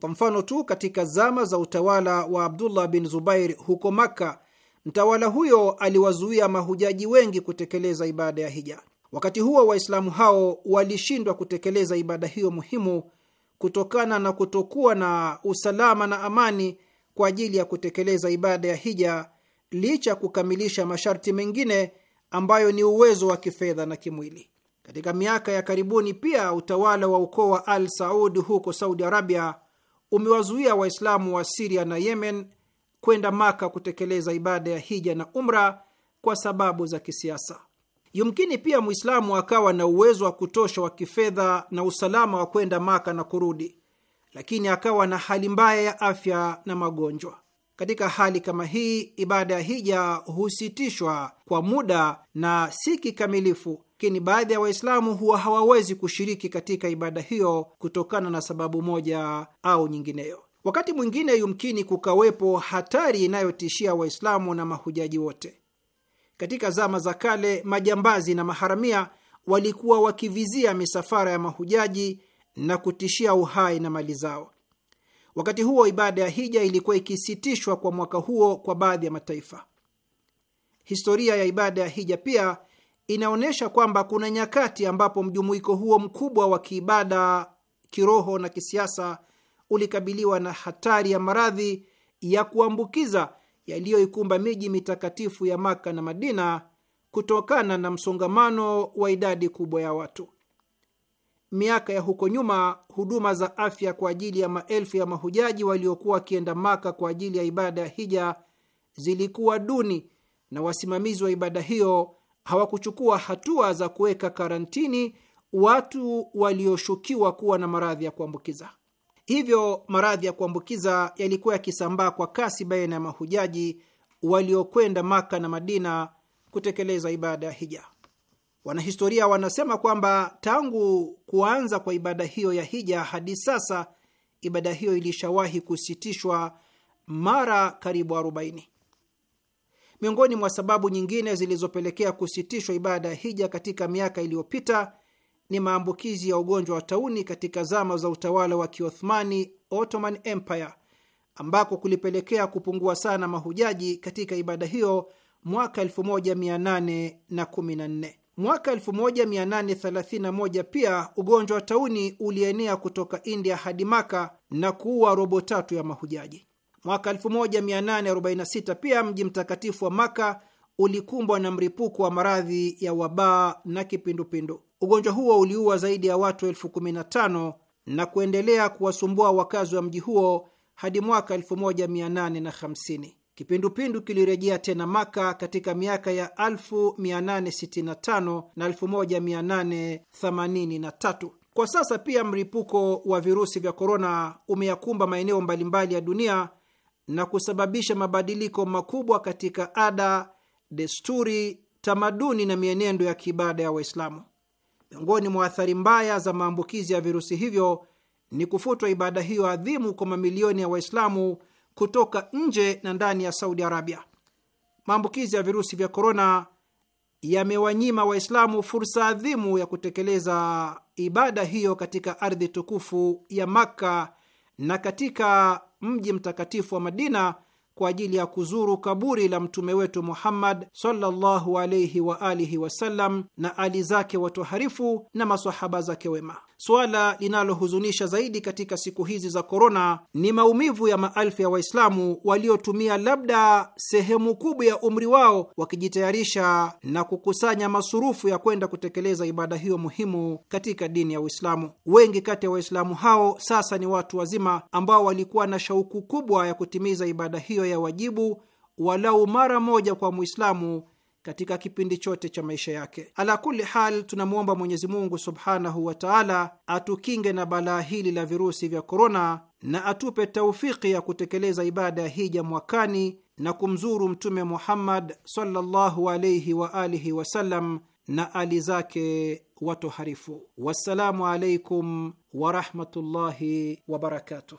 Kwa mfano tu, katika zama za utawala wa Abdullah bin Zubair huko Makka, mtawala huyo aliwazuia mahujaji wengi kutekeleza ibada ya hija. Wakati huo Waislamu hao walishindwa kutekeleza ibada hiyo muhimu kutokana na kutokuwa na usalama na amani kwa ajili ya kutekeleza ibada ya hija, licha ya kukamilisha masharti mengine ambayo ni uwezo wa kifedha na kimwili. Katika miaka ya karibuni pia utawala wa ukoo wa Al Saud huko Saudi Arabia umewazuia Waislamu wa Siria na Yemen kwenda Maka kutekeleza ibada ya hija na umra kwa sababu za kisiasa. Yumkini pia Mwislamu akawa na uwezo wa kutosha wa kifedha na usalama wa kwenda Maka na kurudi, lakini akawa na hali mbaya ya afya na magonjwa. Katika hali kama hii, ibada ya hija husitishwa kwa muda na si kikamilifu, lakini baadhi ya Waislamu huwa hawawezi kushiriki katika ibada hiyo kutokana na sababu moja au nyingineyo. Wakati mwingine, yumkini kukawepo hatari inayotishia Waislamu na mahujaji wote. Katika zama za kale, majambazi na maharamia walikuwa wakivizia misafara ya mahujaji na kutishia uhai na mali zao. Wakati huo, ibada ya hija ilikuwa ikisitishwa kwa mwaka huo kwa baadhi ya mataifa. Historia ya ibada ya hija pia inaonyesha kwamba kuna nyakati ambapo mjumuiko huo mkubwa wa kiibada, kiroho na kisiasa ulikabiliwa na hatari ya maradhi ya kuambukiza yaliyoikumba miji mitakatifu ya Maka na Madina kutokana na msongamano wa idadi kubwa ya watu. Miaka ya huko nyuma, huduma za afya kwa ajili ya maelfu ya mahujaji waliokuwa wakienda Maka kwa ajili ya ibada ya hija zilikuwa duni na wasimamizi wa ibada hiyo hawakuchukua hatua za kuweka karantini watu walioshukiwa kuwa na maradhi ya kuambukiza. Hivyo maradhi ya kuambukiza yalikuwa yakisambaa kwa kasi baina ya mahujaji waliokwenda Maka na Madina kutekeleza ibada ya hija. Wanahistoria wanasema kwamba tangu kuanza kwa ibada hiyo ya hija hadi sasa ibada hiyo ilishawahi kusitishwa mara karibu 40. Miongoni mwa sababu nyingine zilizopelekea kusitishwa ibada ya hija katika miaka iliyopita ni maambukizi ya ugonjwa wa tauni katika zama za utawala wa Kiothmani, Ottoman Empire, ambako kulipelekea kupungua sana mahujaji katika ibada hiyo mwaka 1814. Mwaka 1831 pia ugonjwa wa tauni ulienea kutoka India hadi Maka na kuua robo tatu ya mahujaji. Mwaka 1846 pia mji mtakatifu wa Maka ulikumbwa na mripuko wa maradhi ya wabaa na kipindupindu. Ugonjwa huo uliua zaidi ya watu elfu kumi na tano na kuendelea kuwasumbua wakazi wa mji huo hadi mwaka 1850. Kipindupindu kilirejea tena Maka katika miaka ya 1865 na 1883. Kwa sasa pia mripuko wa virusi vya korona umeyakumba maeneo mbalimbali ya dunia na kusababisha mabadiliko makubwa katika ada desturi, tamaduni na mienendo ya kiibada ya Waislamu. Miongoni mwa athari mbaya za maambukizi ya virusi hivyo ni kufutwa ibada hiyo adhimu kwa mamilioni ya Waislamu kutoka nje na ndani ya Saudi Arabia. Maambukizi ya virusi vya korona yamewanyima Waislamu fursa adhimu ya kutekeleza ibada hiyo katika ardhi tukufu ya Makka na katika mji mtakatifu wa Madina kwa ajili ya kuzuru kaburi la mtume wetu Muhammad sallallahu alayhi wa alihi wasallam na ali zake watoharifu na masahaba zake wema. Suala linalohuzunisha zaidi katika siku hizi za korona ni maumivu ya maelfu ya Waislamu waliotumia labda sehemu kubwa ya umri wao wakijitayarisha na kukusanya masurufu ya kwenda kutekeleza ibada hiyo muhimu katika dini ya Uislamu. Wengi kati ya Waislamu hao sasa ni watu wazima ambao walikuwa na shauku kubwa ya kutimiza ibada hiyo ya wajibu walau mara moja kwa Muislamu katika kipindi chote cha maisha yake. Ala kuli hal, tunamwomba Mwenyezi Mungu subhanahu wa taala atukinge na balaa hili la virusi vya korona na atupe taufiki ya kutekeleza ibada ya hija mwakani na kumzuru Mtume Muhammad sallallahu alaihi wa alihi wasallam na ali zake watoharifu. Wassalamu alaikum warahmatullahi wabarakatuh.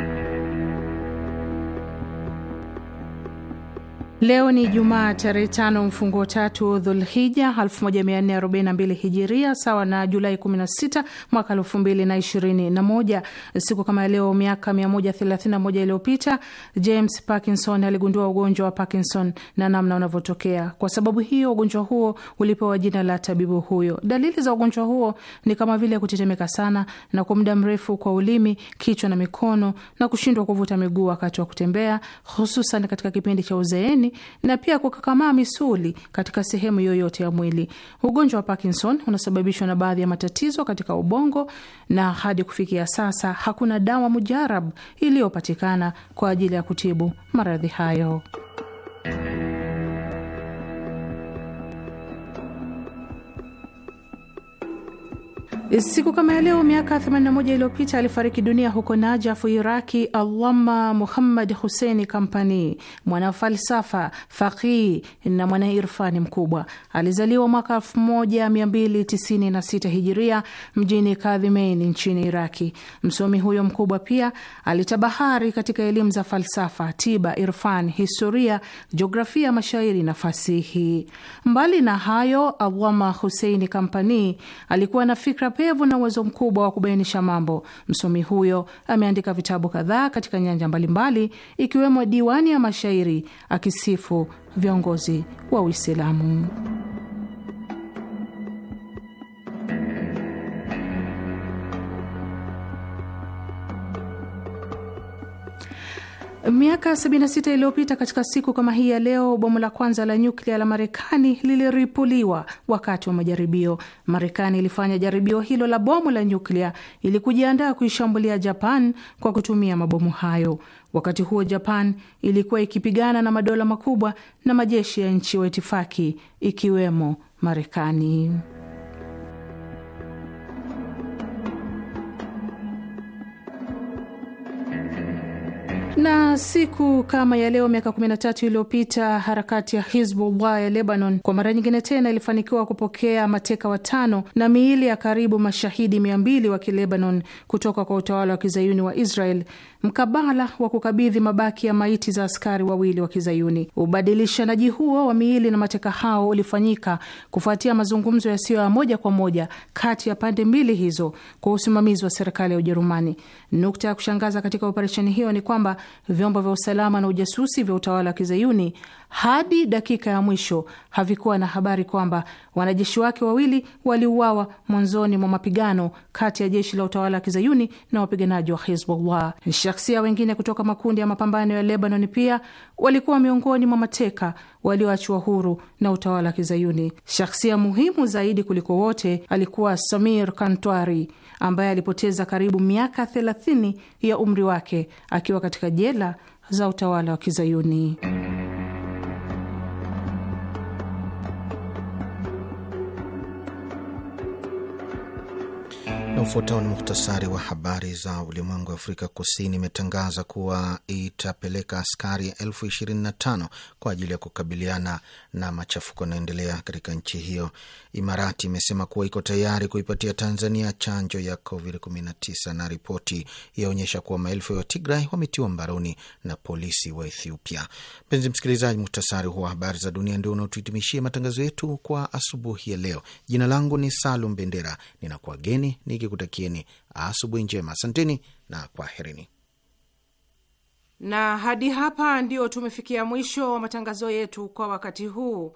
Leo ni Jumaa tarehe tano mfungo tatu Dhulhija 1442 hijiria sawa na Julai 16 mwaka 2021. Siku kama leo miaka 131 iliyopita James Parkinson aligundua ugonjwa wa Parkinson na namna unavyotokea. Kwa sababu hiyo ugonjwa huo ulipewa jina la tabibu huyo. Dalili za ugonjwa huo ni kama vile kutetemeka sana na kwa muda mrefu kwa ulimi, kichwa na mikono na kushindwa kuvuta miguu wakati wa kutembea, hususan katika kipindi cha uzeeni na pia kukakamaa misuli katika sehemu yoyote ya mwili. Ugonjwa wa Parkinson unasababishwa na baadhi ya matatizo katika ubongo, na hadi kufikia sasa hakuna dawa mujarabu iliyopatikana kwa ajili ya kutibu maradhi hayo. E, siku kama ya leo miaka 81 iliyopita alifariki dunia huko Najafu, Iraki, Allama Muhammad Huseini Kampani, mwanafalsafa faqihi na mwanairfani mkubwa. Alizaliwa mwaka 1296 Hijiria mjini Kadhimeini nchini Iraki. Msomi huyo mkubwa pia alitabahari katika elimu za falsafa, tiba, irfan, historia, jiografia, mashairi na fasihi. Mbali na hayo, Allama Huseini Kampani alikuwa na fikra uchochekevu na uwezo mkubwa wa kubainisha mambo. Msomi huyo ameandika vitabu kadhaa katika nyanja mbalimbali, ikiwemo diwani ya mashairi akisifu viongozi wa Uislamu. Miaka 76 iliyopita katika siku kama hii ya leo, bomu la kwanza la nyuklia la Marekani liliripuliwa wakati wa majaribio. Marekani ilifanya jaribio hilo la bomu la nyuklia ili kujiandaa kuishambulia Japan kwa kutumia mabomu hayo. Wakati huo Japan ilikuwa ikipigana na madola makubwa na majeshi ya nchi wa itifaki ikiwemo Marekani. Na siku kama ya leo miaka 13 iliyopita harakati ya Hizbullah ya Lebanon kwa mara nyingine tena ilifanikiwa kupokea mateka watano na miili ya karibu mashahidi 200 wa Kilebanon kutoka kwa utawala wa kizayuni wa Israel mkabala wa kukabidhi mabaki ya maiti za askari wawili wa kizayuni. Ubadilishanaji huo wa miili na mateka hao ulifanyika kufuatia mazungumzo yasiyo ya moja kwa moja kati ya pande mbili hizo kwa usimamizi wa serikali ya Ujerumani. Nukta ya kushangaza katika operesheni hiyo ni kwamba vyombo vya usalama na ujasusi vya utawala wa kizayuni hadi dakika ya mwisho havikuwa na habari kwamba wanajeshi wake wawili waliuawa mwanzoni mwa mapigano kati ya jeshi la utawala wa kizayuni na wapiganaji wa Hizbullah. Shaksia wengine kutoka makundi ya mapambano ya Lebanon pia walikuwa miongoni mwa mateka walioachiwa huru na utawala wa kizayuni. Shaksia muhimu zaidi kuliko wote alikuwa Samir Kantwari ambaye alipoteza karibu miaka 30 ya umri wake akiwa katika jela za utawala wa kizayuni. Na ufuatao ni muhtasari wa habari za ulimwengu. Afrika Kusini imetangaza kuwa itapeleka askari elfu ishirini na tano kwa ajili ya kukabiliana na machafuko yanaoendelea katika nchi hiyo. Imarati imesema kuwa iko tayari kuipatia Tanzania chanjo ya COVID-19 na ripoti yaonyesha kuwa maelfu ya watigrai wametiwa mbaroni na polisi wa Ethiopia. Mpenzi msikilizaji, muhtasari huwa habari za dunia ndio unaotuhitimishia matangazo yetu kwa asubuhi ya leo. Jina langu ni Salum Bendera, ninakuageni nikikutakieni asubuhi njema. Asanteni na kwaherini. Na hadi hapa ndio tumefikia mwisho wa matangazo yetu kwa wakati huu.